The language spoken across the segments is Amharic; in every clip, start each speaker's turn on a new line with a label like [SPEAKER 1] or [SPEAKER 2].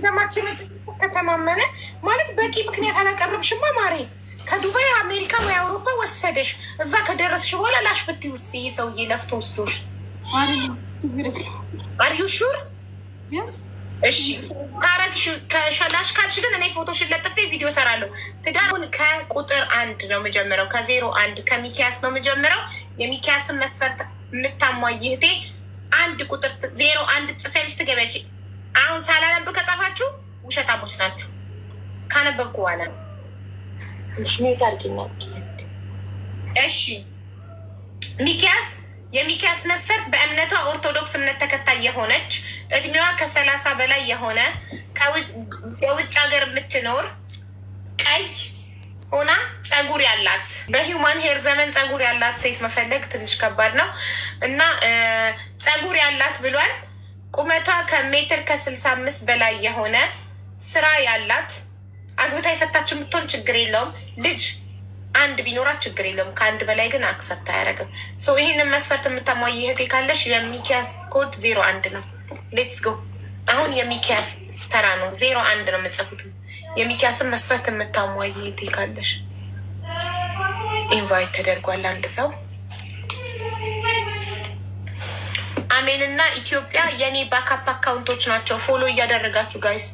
[SPEAKER 1] እንደማችን ከተማመነ ማለት በቂ ምክንያት አላቀረብሽማ ማሬ። ከዱባይ አሜሪካ ወይ አውሮፓ ወሰደሽ፣ እዛ ከደረስሽ በኋላ ላሽ ብት ውስ ሰውዬ ለፍቶ ወስዶሽ አርዩ ሹር እሺ ካረግሽ ከሸላሽ ካልሽ ግን እኔ ፎቶሽን ለጥፌ ቪዲዮ ሰራለሁ። ትዳሩን ከቁጥር አንድ ነው የምጀምረው፣ ከዜሮ አንድ ከሚኪያስ ነው የምጀምረው። የሚኪያስን መስፈርት የምታሟይ እህቴ አንድ ቁጥር ዜሮ አንድ ጽፈሽ ትገቢያለሽ። አሁን ሳላነብ ከጻፋችሁ ውሸታሞች ናችሁ። ካነበብኩ በኋላ ነው። እሺ ሚኪያስ የሚኪያስ መስፈርት በእምነቷ ኦርቶዶክስ እምነት ተከታይ የሆነች እድሜዋ ከሰላሳ በላይ የሆነ በውጭ ሀገር የምትኖር ቀይ ሆና ጸጉር ያላት በሂውማን ሄር ዘመን ጸጉር ያላት ሴት መፈለግ ትንሽ ከባድ ነው እና ጸጉር ያላት ብሏል። ቁመቷ ከሜትር ከስልሳ አምስት በላይ የሆነ ስራ ያላት አግብታ የፈታች የምትሆን ችግር የለውም። ልጅ አንድ ቢኖራት ችግር የለውም። ከአንድ በላይ ግን አክሰብት አያደርግም። ሶ ይህንን መስፈርት የምታሟይ እህቴ ካለሽ የሚኪያስ ኮድ ዜሮ አንድ ነው። ሌትስ ጎ አሁን የሚኪያስ ተራ ነው። ዜሮ አንድ ነው የምጽፉት። የሚኪያስን መስፈርት የምታሟይ እህቴ ካለሽ ኢንቫይት ተደርጓል አንድ ሰው አሜን እና ኢትዮጵያ የኔ ባካፕ አካውንቶች ናቸው። ፎሎ እያደረጋችሁ ጋይስ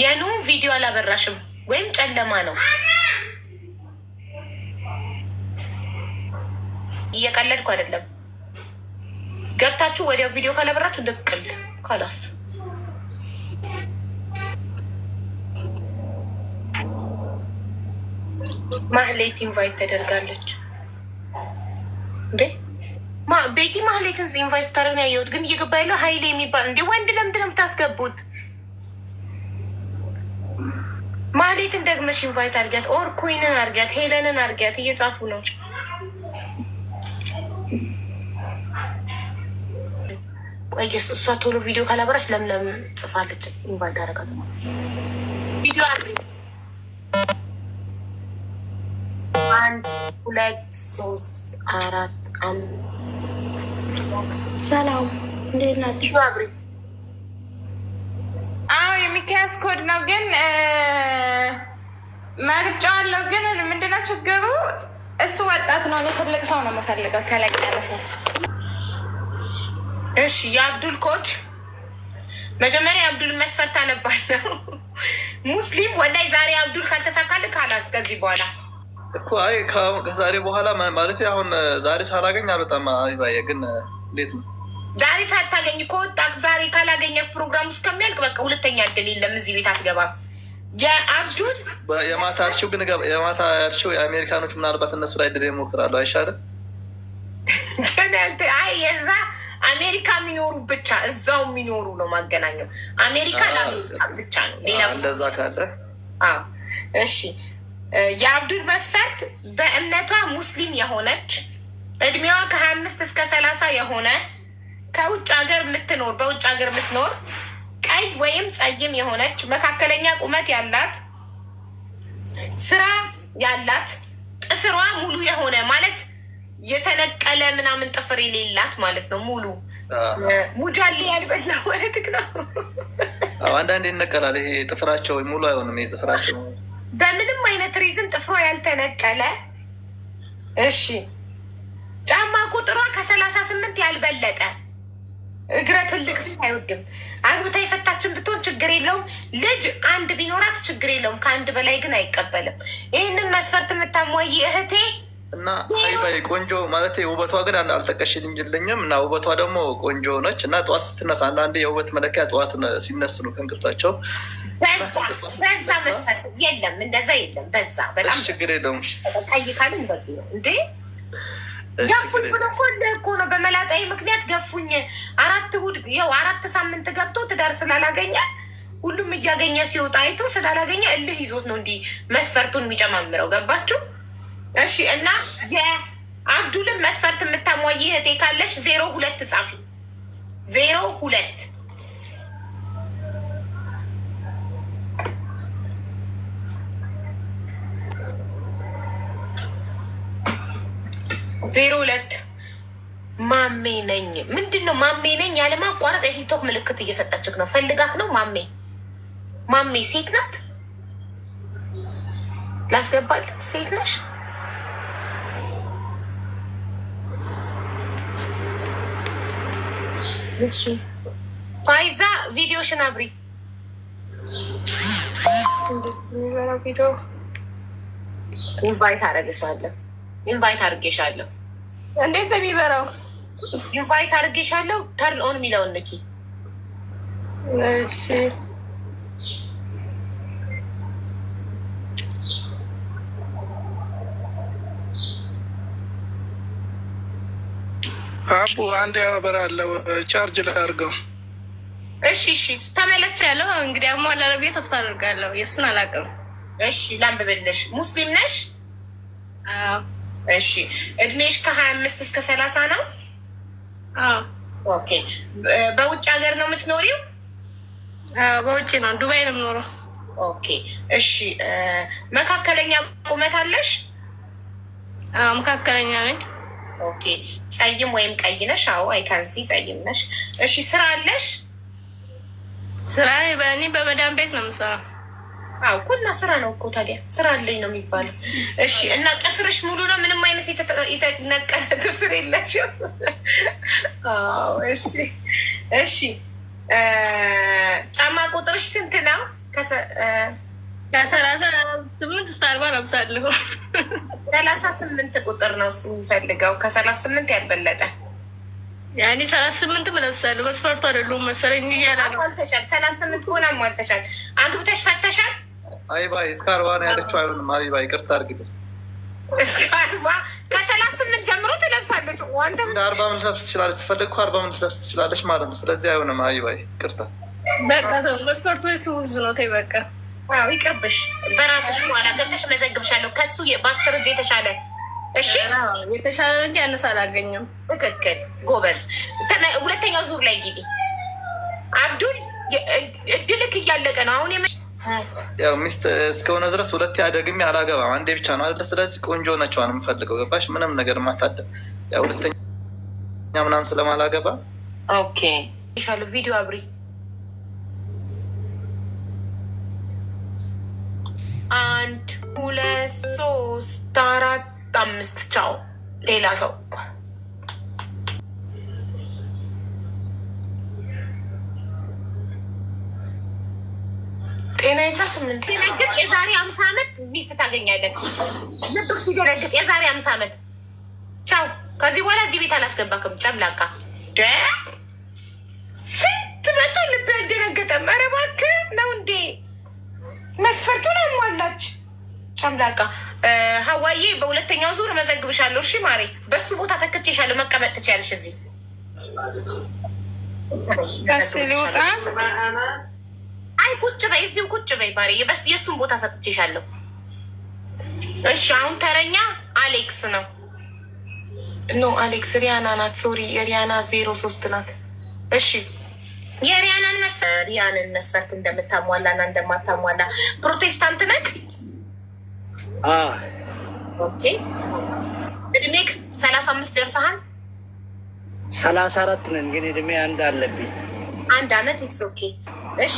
[SPEAKER 1] የኑ ቪዲዮ አላበራሽም ወይም ጨለማ ነው። እየቀለድኩ አይደለም። ገብታችሁ ወዲያው ቪዲዮ ካላበራችሁ ድቅል ካላስ ማህሌት ኢንቫይት ተደርጋለች እንዴ? ቤቲ ማህሌትን ኢንቫይት ታደርግ ነው ያየሁት። ግን እየገባ ያለው ሀይሌ የሚባል እንዴ ወንድ ለምንድን ነው የምታስገቡት? ማህሌትን ደግመሽ ኢንቫይት አድርጊያት፣ ኦር ኩይንን አድርጊያት፣ ሄለንን አድርጊያት። እየጻፉ ነው ቆየስ። እሷ ቶሎ ቪዲዮ ካላበራች ለምለም ጽፋለች። ኢንቫይት አደረጋት ቪዲዮ አንድ ሁለት ሶስት አራት አምስት።
[SPEAKER 2] ሰላም እንዴት ናችሁ?
[SPEAKER 1] አብሪ አዎ፣ የሚካያስ ኮድ ነው ግን መርጫ አለው ግን ምንድነው ችግሩ? እሱ ወጣት ነው። ለትልቅ ሰው ነው የምፈልገው፣ ተለቅ ያለ ሰው። እሺ፣ የአብዱል ኮድ መጀመሪያ የአብዱል መስፈርት አለባለው ሙስሊም ወላይ ዛሬ አብዱል ካልተሳካልህ ካላስ ከዚህ በኋላ
[SPEAKER 3] እኮ አይ ከዛሬ በኋላ ማለት አሁን ዛሬ ሳላገኝ አልወጣም። አባዬ ግን እንዴት ነው
[SPEAKER 1] ዛሬ ሳታገኝ ከወጣ ዛሬ ካላገኘ ፕሮግራም እስከሚያልቅ በቃ ሁለተኛ እድል የለም። እዚህ ቤት አትገባም። የአብዱል
[SPEAKER 3] የማታ ያልሺው ግን የማታ ያልሺው የአሜሪካኖች ምናልባት እነሱ ላይ ድል ይሞክራሉ። አይሻልም
[SPEAKER 1] ግን አይ የዛ አሜሪካ የሚኖሩ ብቻ እዛው የሚኖሩ ነው ማገናኘው። አሜሪካ ለአሜሪካ ብቻ ነው።
[SPEAKER 3] ሌላ እንደዛ ካለ
[SPEAKER 1] እሺ የአብዱል መስፈርት በእምነቷ ሙስሊም የሆነች እድሜዋ ከሀያ አምስት እስከ ሰላሳ የሆነ ከውጭ ሀገር የምትኖር በውጭ ሀገር የምትኖር ቀይ ወይም ጸይም የሆነች መካከለኛ ቁመት ያላት ስራ ያላት ጥፍሯ ሙሉ የሆነ ማለት የተነቀለ ምናምን ጥፍር የሌላት ማለት ነው። ሙሉ ሙጃሌ ያልበላ ማለት ነው።
[SPEAKER 3] አንዳንድ ይነቀላል። ይሄ ጥፍራቸው ሙሉ አይሆንም። ጥፍራቸው
[SPEAKER 1] በምንም አይነት ሪዝን ጥፍሮ ያልተነቀለ እሺ፣ ጫማ ቁጥሯ ከሰላሳ ስምንት ያልበለጠ እግረ ትልቅ ሴት አይወድም። አግብታ የፈታችን ብትሆን ችግር የለውም። ልጅ አንድ ቢኖራት ችግር የለውም። ከአንድ በላይ ግን አይቀበልም። ይህንን መስፈርት የምታሟይ እህቴ
[SPEAKER 3] እና ቆንጆ ማለት ውበቷ ግን አልጠቀሽልኝልኝም። እና ውበቷ ደግሞ ቆንጆ ነች። እና ጠዋት ስትነሳ አንዳንዴ የውበት መለኪያ ጠዋት ሲነስኑ ነው
[SPEAKER 1] በዛ በዛ የለም፣ እንደዛ የለም። በዛ
[SPEAKER 3] በጣም ችግር የለውም።
[SPEAKER 1] ቀይ በቂ ነው እንዴ? ገፉኝ ብሎ እኮ እንደ እኮ ነው። በመላጣዊ ምክንያት ገፉኝ። አራት እሑድ ይኸው አራት ሳምንት ገብቶ ትዳር ስላላገኘ ሁሉም እያገኘ ሲወጣ አይቶ ስላላገኘ እልህ ይዞት ነው እንዲህ መስፈርቱን የሚጨማምረው። ገባችሁ? እሺ። እና የአብዱልን መስፈርት የምታሟይ እህቴ ካለሽ ዜሮ ሁለት ጻፊ ዜሮ ሁለት ዜሮ ሁለት ማሜ ነኝ። ምንድን ነው ማሜ ነኝ ያለማቋረጥ የቲክቶክ ምልክት እየሰጠችክ ነው። ፈልጋት ነው ማሜ ማሜ። ሴት ናት ላስገባል። ሴት ነሽ ፋይዛ። ቪዲዮሽን አብሪ ኢንቫይት አረግሻለሁ። ኢንቫይት አርጌሻለሁ
[SPEAKER 2] እንዴት ነው የሚበራው?
[SPEAKER 1] ኢንቫይት አድርጌሻለሁ። ተርን ኦን የሚለውን ልኪ።
[SPEAKER 2] እሺ
[SPEAKER 4] አቡ አንድ ያበራለው ቻርጅ ላርገው።
[SPEAKER 1] እሺ እሺ፣ ተመለስ ያለው እንግዲህ አሟላለሁ ብዬ ተስፋ አድርጋለሁ። የእሱን አላውቅም። እሺ ላንብብልሽ። ሙስሊም ነሽ? አዎ እሺ እድሜሽ ከሀያ አምስት እስከ ሰላሳ ነው። ኦኬ በውጭ ሀገር ነው የምትኖሪው?
[SPEAKER 2] በውጭ ነው፣ ዱባይ ነው የምኖረው።
[SPEAKER 1] ኦኬ እሺ መካከለኛ ቁመት አለሽ?
[SPEAKER 2] መካከለኛ ነኝ።
[SPEAKER 1] ኦኬ ጸይም ወይም ቀይ ነሽ? አዎ አይካንሲ ጸይም ነሽ። እሺ ስራ አለሽ?
[SPEAKER 2] ስራ በእኔ በመዳን ቤት ነው የምሰራው
[SPEAKER 1] አዎ እኮ እና ስራ ነው እኮ ታዲያ ስራ አለኝ ነው የሚባለው። እሺ እና ጥፍርሽ ሙሉ ነው? ምንም አይነት የተነቀለ ጥፍር የለሽም? እሺ እሺ። ጫማ ቁጥርሽ ስንት ነው?
[SPEAKER 2] ከሰላሳ ስምንት እስከ አርባ ለብሳለሁ።
[SPEAKER 1] ሰላሳ ስምንት ቁጥር ነው እሱ የሚፈልገው፣ ከሰላሳ ስምንት ያልበለጠ
[SPEAKER 2] ያኔ ሰላሳ ስምንት ምለብሳለሁ። መስፈርቱ አይደሉም መሰለኝ እያለ
[SPEAKER 1] ሰላሳ ስምንት ሆና ሟልተሻል። አንዱ ብተሽ ፈተሻል
[SPEAKER 3] አይባ እስካርባ ነው ያለችው። አይሆንም አይባ ይቅርታ አድርግልኝ።
[SPEAKER 1] እስካርባ ከሰላሳ ስምንት ጀምሮ ትለብሳለች። ወንድም
[SPEAKER 3] አርባ ምን ትለብስ ትችላለች፣ ስፈልግ አርባ ምን ትለብስ ትችላለች ማለት ነው። ስለዚህ አይሆንም አይባ ይቅርታ።
[SPEAKER 2] በቃ መስፈርቱ ሲውዙ ነው። ተይ በቃ
[SPEAKER 1] ይቅርብሽ። በራስሽ በኋላ ገብተሽ መዘግብሻለሁ። ከሱ በአስር እጅ የተሻለ እሺ፣
[SPEAKER 2] የተሻለ እንጂ ያነሳ አላገኘም።
[SPEAKER 1] ትክክል ጎበዝ። ሁለተኛው ዙር ላይ ግቢ አብዱል። እድልክ እያለቀ ነው አሁን
[SPEAKER 3] ያው ሚስት እስከሆነ ድረስ ሁለቴ አደግሜ አላገባም። አንዴ ብቻ ነው አለ። ስለዚህ ቆንጆ ነችዋን የምፈልገው ገባሽ? ምንም ነገር ማታደ ሁለተኛ ምናምን ስለማላገባ
[SPEAKER 1] ኦኬ። ይሻሉ ቪዲዮ አብሪ አንድ ሁለት ሶስት አራት አምስት ቻው። ሌላ ሰው ጤና የላትም። ሲረግጥ የዛሬ አምሳ ዓመት ሚስት ታገኛለህ። ልብቅ የዛሬ አምሳ ዓመት ቻው። ከዚህ በኋላ እዚህ ቤት አላስገባክም። ጨምላቃ ስንት መቶ ልብ ያልደነገጠም። ኧረ ነው እንዴ መስፈርቱን አሟላች። ጨምላቃ ሀዋዬ፣ በሁለተኛው ዙር መዘግብሻለሁ። እሺ ማሬ፣ በሱ ቦታ ተክቼሻለሁ። መቀመጥ ትችያለሽ እዚህ። እሺ ልውጣ አይ ቁጭ በይ፣ እዚሁ ቁጭ በይ ባሪ፣ በስ የእሱን ቦታ ሰጥቼሻለሁ። እሺ አሁን ተረኛ አሌክስ ነው።
[SPEAKER 2] ኖ አሌክስ ሪያና ናት። ሶሪ የሪያና ዜሮ ሶስት ናት።
[SPEAKER 1] እሺ የሪያናን መስፈርት ሪያንን መስፈርት እንደምታሟላ እና እንደማታሟላ ፕሮቴስታንት ነክ ኦኬ። እድሜክ ሰላሳ አምስት ደርሰሃል?
[SPEAKER 4] ሰላሳ አራት ነን ግን እድሜ አንድ አለብኝ።
[SPEAKER 1] አንድ አመት ኢትስ ኦኬ እሺ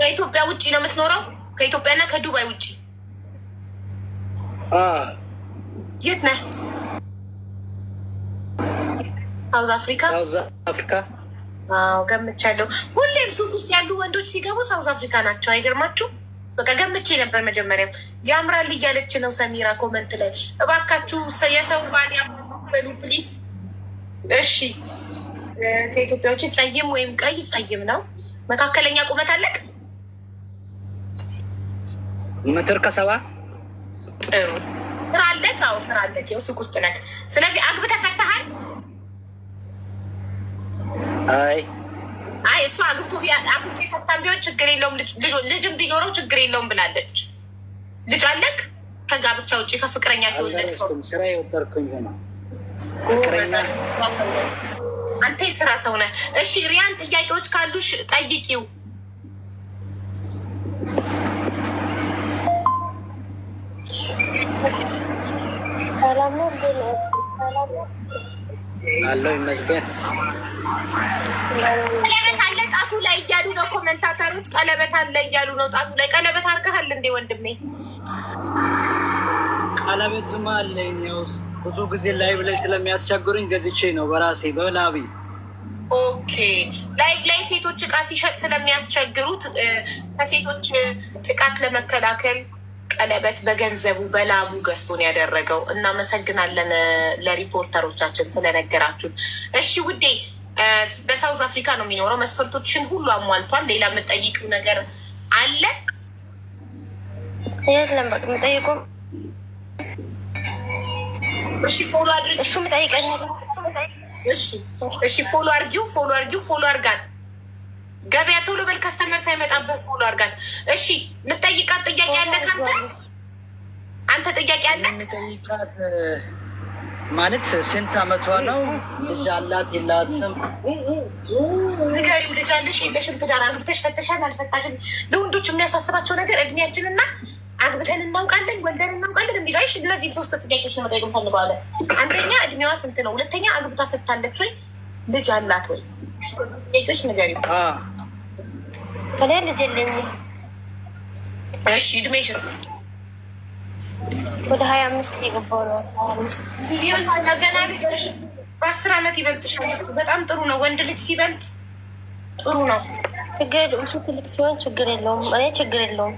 [SPEAKER 1] ከኢትዮጵያ ውጭ ነው የምትኖረው? ከኢትዮጵያና ከዱባይ ውጭ የት ነህ? ሳውዝ አፍሪካ አፍሪካ ገምቻለሁ። ሁሌም ሱቅ ውስጥ ያሉ ወንዶች ሲገቡ ሳውዝ አፍሪካ ናቸው። አይገርማችሁ? በቃ ገምቼ ነበር። መጀመሪያም ያምራል እያለች ነው ሰሚራ ኮመንት ላይ። እባካችሁ የሰው ባል ያበሉ ፕሊስ። እሺ ከኢትዮጵያ ውጭ ጸይም ወይም ቀይ ጸይም ነው መካከለኛ ቁመት አለቅ ምትር ከሰባ ጥሩ። ስራ አለቅ። አዎ ስራ አለቅ። ይኸው ሱቅ ውስጥ ነክ። ስለዚህ አግብተህ ፈታሃል? አይ አይ እሱ አግብቶ አግብቶ የፈታን ቢሆን ችግር የለውም ልጅም ቢኖረው ችግር የለውም ብላለች። ልጅ አለክ? ከጋብቻ ውጭ ከፍቅረኛ ከወለድከው
[SPEAKER 4] ስራ የወጠርኩኝ ሆነ
[SPEAKER 1] አንተ የስራ ሰው ነህ። እሺ ሪያን ጥያቄዎች ካሉሽ ጠይቂው።
[SPEAKER 4] አለው ይመስገን።
[SPEAKER 1] ቀለበት አለ ጣቱ ላይ እያሉ ነው ኮመንታተሮች። ቀለበት አለ እያሉ ነው ጣቱ ላይ። ቀለበት አድርገሃል እንዴ ወንድሜ?
[SPEAKER 4] ቀለበትም አለኝ። ብዙ ጊዜ ላይቭ ላይ ስለሚያስቸግሩኝ ገዝቼ ነው በራሴ በላቢ።
[SPEAKER 1] ኦኬ ላይቭ ላይ ሴቶች እቃ ሲሸጥ ስለሚያስቸግሩት ከሴቶች ጥቃት ለመከላከል ቀለበት በገንዘቡ በላቡ ገዝቶን ያደረገው። እናመሰግናለን ለሪፖርተሮቻችን ስለነገራችሁን። እሺ ውዴ በሳውዝ አፍሪካ ነው የሚኖረው። መስፈርቶችን ሁሉ አሟልቷል። ሌላ የምጠይቀው ነገር አለ?
[SPEAKER 2] የለም በቃ የምጠይቀው
[SPEAKER 1] እሺ ፎሎ አድርጊ።
[SPEAKER 2] እሺ የምጠይቀኝ
[SPEAKER 1] እሺ እሺ ፎሎ አድርጊው፣ ፎሎ አድርጊው፣ ፎሎ አድርጋት። ገበያ ቶሎ በል ከስተመር ሳይመጣበት ፎሎ አድርጋት። እሺ የምጠይቃት ጥያቄ አለ ካንተ አንተ ጥያቄ አለ
[SPEAKER 4] ማለት ስንት አመቷ ነው? ልጅ አላት የላትም?
[SPEAKER 1] ንገሪው። ልጅ አለሽ የለሽም? ትዳር አግብተሽ ፈተሻል አልፈታሽም? ለወንዶች የሚያሳስባቸው ነገር እድሜያችንና አግብተን እናውቃለን፣ ወልደን እናውቃለን እንዲ ሽ እነዚህ ሶስት ጥያቄዎች ለመጠየቅ ፈልገዋለን። አንደኛ እድሜዋ ስንት ነው? ሁለተኛ አግብታ ፈታለች ወይ? ልጅ አላት ወይ? ጥያቄዎች ንገሪ።
[SPEAKER 2] እኔ ልጅ የለኝም።
[SPEAKER 1] እሺ እድሜሽስ?
[SPEAKER 2] ወደ ሀያ አምስት የገባው ነው።
[SPEAKER 1] በአስር አመት ይበልጥሻል። እሱ በጣም ጥሩ ነው። ወንድ ልጅ ሲበልጥ ጥሩ ነው።
[SPEAKER 2] ችግር እሱ ትልቅ ሲሆን ችግር የለውም። እኔ ችግር የለውም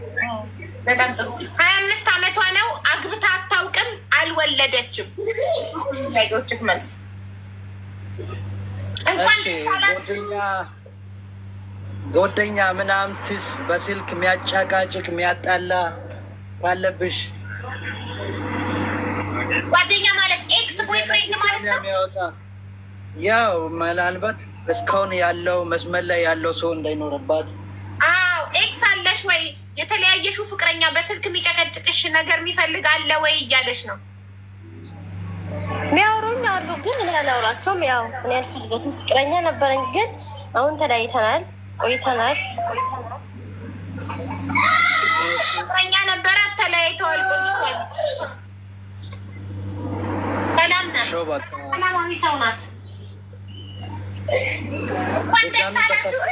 [SPEAKER 1] በጣም ጥሩ። ሀያ አምስት አመቷ ነው። አግብታ አታውቅም። አልወለደችም። ጥያቄዎችህ መልስ
[SPEAKER 4] እንኳን ምናምትስ በስልክ የሚያጫቃጭቅ የሚያጣላ ካለብሽ
[SPEAKER 1] ጓደኛ ማለት ኤክስ ቦይፍሬንድ ማለት ነው
[SPEAKER 4] ያው ምናልባት እስካሁን ያለው መስመር ላይ ያለው ሰው እንዳይኖርባት
[SPEAKER 1] ነሽ ወይ የተለያየሽው ፍቅረኛ በስልክ የሚጨቀጭቅሽ ነገር የሚፈልግ አለ ወይ እያለች ነው።
[SPEAKER 2] ሚያወሩኝ አሉ፣ ግን እኔ አላውራቸውም። ያው እኔ አልፈልገትም። ፍቅረኛ ነበረኝ፣ ግን አሁን ተለያይተናል፣ ቆይተናል።
[SPEAKER 1] ፍቅረኛ ነበረ፣ ተለያይተዋል፣ ቆይተዋል። ሰላም ናት፣
[SPEAKER 4] ሰላማዊ
[SPEAKER 1] ሰው ናት። እንኳን ደስ አላችሁ።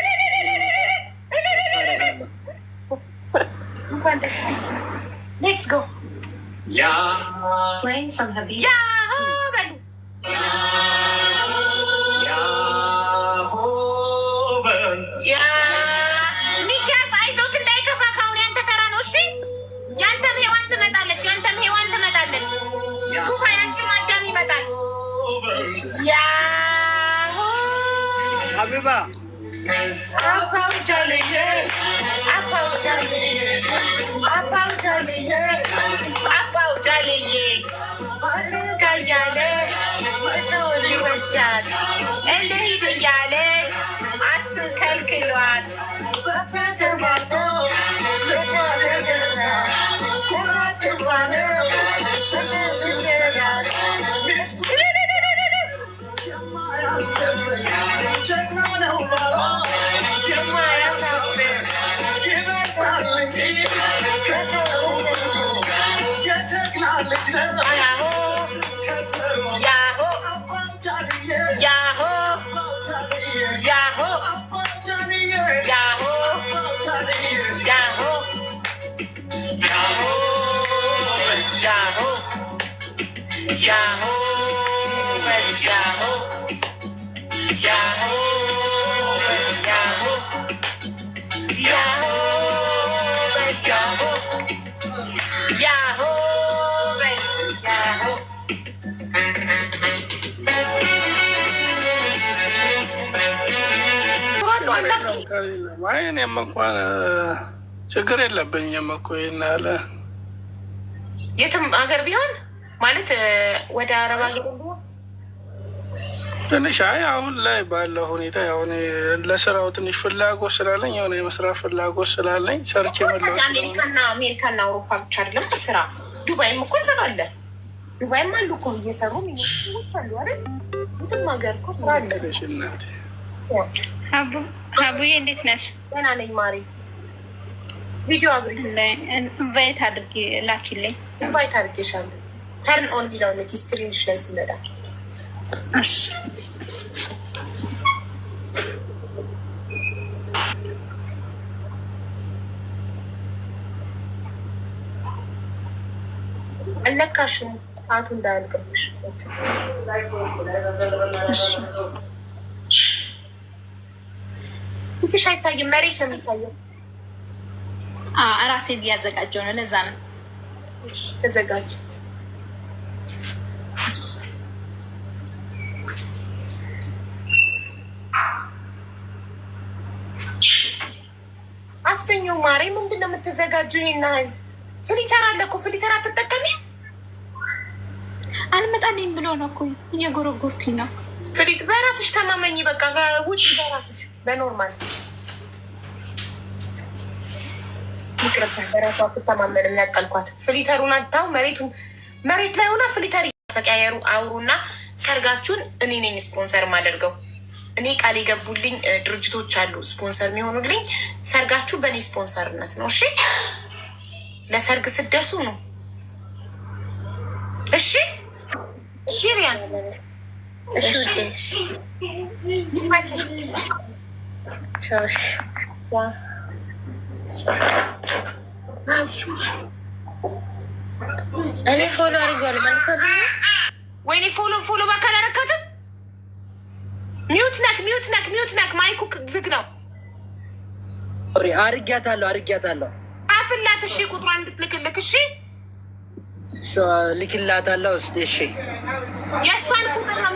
[SPEAKER 1] እንኳን ደስ ሌትስ ጎ ሚኪያስ አይዞት እንዳይከፋ። ካሁን ያንተ ተራ ነው። እሺ ያንተም ሔዋን ትመጣለች። ያንተም ሄዋን ትመጣለች። ቱፋ ያንቺም አዳም ይመጣል። ያ
[SPEAKER 4] አበባ
[SPEAKER 5] አባ ውጫልዬ ከያለ ይወስዳት እንደ እያለ አትከልክሏት። 哎
[SPEAKER 1] 呀！ጠንካር
[SPEAKER 4] የለም። አይ እኔም እንኳን ችግር የለብኝም እኮ ይሄን ያለ
[SPEAKER 1] የትም አገር ቢሆን ማለት ወደ አረብ ሀገር
[SPEAKER 4] ትንሽ አይ አሁን ላይ ባለው ሁኔታ ሁን ለስራው ትንሽ ፍላጎት ስላለኝ የሆነ የመስራት ፍላጎት ስላለኝ ሰርች የመለው
[SPEAKER 1] አሜሪካና አሜሪካና አውሮፓ ብቻ አይደለም ስራ ዱባይም እኮ ስራ አለ። ዱባይም አሉ እኮ እየሰሩ አሉ አይደል? የትም ሀገር እኮ ስራ አለ።
[SPEAKER 2] አቡዬ እንዴት ነሽ?
[SPEAKER 1] ደህና ነኝ ማሪ። ቪዲዮ
[SPEAKER 2] ኢንቫይት አድርጌ ላኪልኝ።
[SPEAKER 1] ኢንቫይት አድርጌሻለሁ። ተርን ኦን ቢለውን ስክሪንሽ ላይ ሲመጣ አለካሽም ሰዓቱ እንዳያልቅብሽ ፊትሽ አይታይም፣ መሬት ነው የሚታየው።
[SPEAKER 2] ራሴ እያዘጋጀው ነው። ለዛ ነው
[SPEAKER 1] ተዘጋጅ። አፍተኞ ማሬ፣ ምንድን ነው የምትዘጋጁ? ይናህል ፍሊተር አለ እኮ ፍሊተር አትጠቀሚ።
[SPEAKER 2] አልመጣልኝ ብሎ ነው እኮ እየጎረጎርኩኝ ነው።
[SPEAKER 1] ፍሊት በራስሽ ተማመኝ። በቃ ውጭ በራስሽ በኖርማል ይቅርታ፣ በራሷ ፍሊተሩን አታው መሬቱን መሬት ላይ ሆና ፍሊተር ተቀያየሩ፣ አውሩና ሰርጋችሁን እኔ ነኝ ስፖንሰር እኔ ቃል የገቡልኝ ድርጅቶች አሉ ስፖንሰር የሚሆኑልኝ። ሰርጋችሁ በእኔ ስፖንሰርነት ነው። እሺ፣ ለሰርግ ስትደርሱ ነው። እሺ፣ እሺ፣ እሺ እኔ ፎሎ አድርጓል። ወይኔ ፎሎ ፎሎ ባካ አላረካትም። ሚዩት ናክ ሚዩት ናክ ሚዩት ናክ። ማይኩ ዝግ ነው።
[SPEAKER 4] አርጊያታለሁ አርጊያታለሁ።
[SPEAKER 1] አፍላት እሺ፣ ቁጥሯን እንድትልክልክ እሺ
[SPEAKER 4] ልክላታለሁ። እስኪ እሺ፣
[SPEAKER 1] የእሷን ቁጥር ነው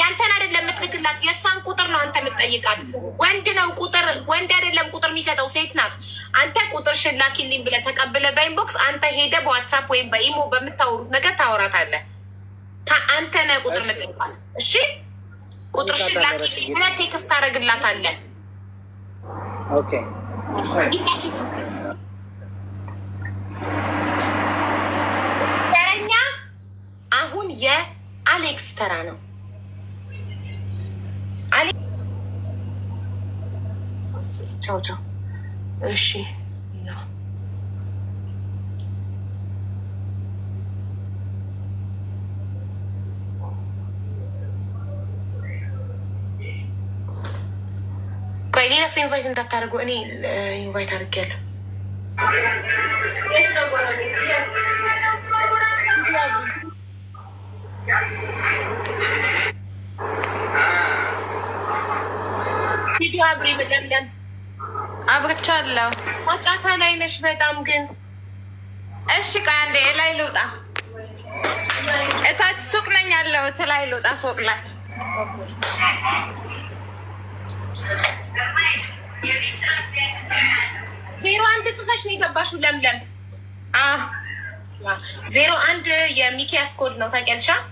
[SPEAKER 1] ያንተን አይደለም የምትልክላት፣ የእሷን ቁጥር ነው አንተ የምትጠይቃት። ወንድ ነው ቁጥር፣ ወንድ አይደለም ቁጥር የሚሰጠው ሴት ናት። አንተ ቁጥር ሽላኪልኝ ብለህ ተቀብለህ በኢንቦክስ አንተ ሄደህ በዋትሳፕ ወይም በኢሞ በምታወሩት ነገር ታወራታለህ። አንተ ነህ ቁጥር የምትጠይቃት። እሺ፣ ቁጥር ሽላኪልኝ ብለህ ቴክስት ታደርግላታለህ። ኦኬ ቻው ቻው። እሺ ቆይ ሌላ ሰው ኢንቫይት እንዳታደርጉ። እኔ ኢንቫይት አድርጌያለሁ። ቪዲዮ አብሪ በደምደም
[SPEAKER 2] አብቅቻለሁ። ማጫታ ላይ ነሽ በጣም ግን። እሺ ቃንዴ ላይ ልውጣ። እታች ሱቅ ነኝ ያለሁት። ላይ ልውጣ ፎቅ ላይ
[SPEAKER 1] ዜሮ አንድ ጽፈሽ ነው የገባሽው። ለምለም ዜሮ አንድ የሚኪያስ ኮድ ነው ታውቂያለሽ?